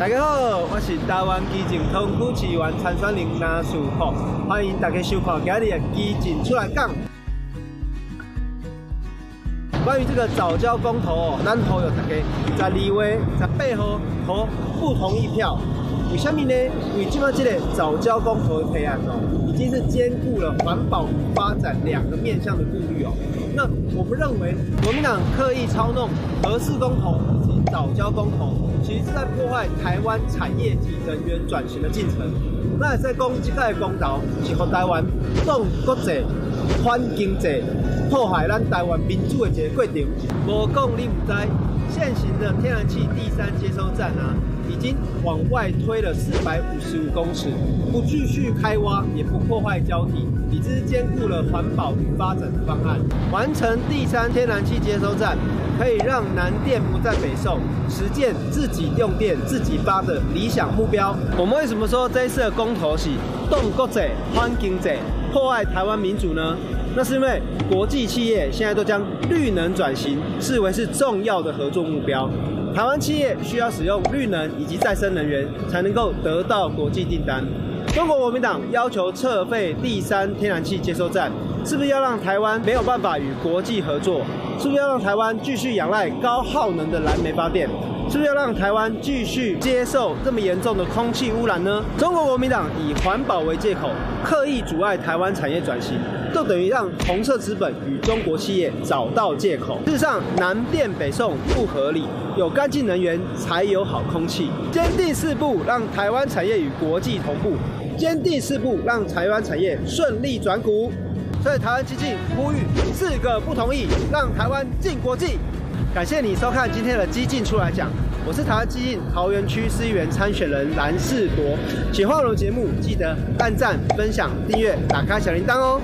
大家好，我是台灣基進桃園區市議員參選人藍士博，歡迎大家收看今天的，今日啊基進出來講。關於這個藻礁公投哦，我們呼籲大家，12月18號，投不同意票。為什麼呢？因為現在這個藻礁公投的提案哦，已經是兼顧了環保與發展兩個面向的顧慮哦。那我不認為國民黨刻意操弄核四公投藻礁公投，其實是在破壞台灣產業及能源轉型的進程，那也在攻擊在攻島，欺負台灣，進國際。反經濟、破壞咱台灣民主的一個過程。無講你不知，現行的天然氣第三接收站啊，已經往外推了四百五十五公尺，不繼續開挖，也不破壞礁體，已經兼顧了環保與發展的方案。完成第三天然氣接收站，可以讓南電不再北送，實踐自己用電、自己發的理想目標。我們為什麼說這一次的公投是擋國際、反經濟？破壞台灣民主呢？那是因為國際企業現在都將綠能轉型視為是重要的合作目標。台灣企業需要使用綠能以及再生能源，才能夠得到國際訂單。中國國民黨要求撤廢第三天然氣接收站，是不是要讓台灣沒有辦法與國際合作？是不是要讓台灣繼續仰賴高耗能的燃煤發電？是不是要讓台灣繼續接受這麼嚴重的空氣污染呢？中國國民黨以環保為借口。刻意阻礙台灣產業轉型，就等於讓紅色資本與中國企業找到借口。事實上，南電北送不合理，有乾淨能源才有好空氣。堅定四不，讓台灣產業與國際同步；堅定四不，讓台灣產業順利轉骨。所以，台灣基進呼籲四個不同意，讓台灣進國際。感謝你收看今天的基進出來講。我是台灣基進桃園區市議員參選人藍士博，喜歡我的節目，記得按讚、分享、訂閱、打開小鈴鐺哦。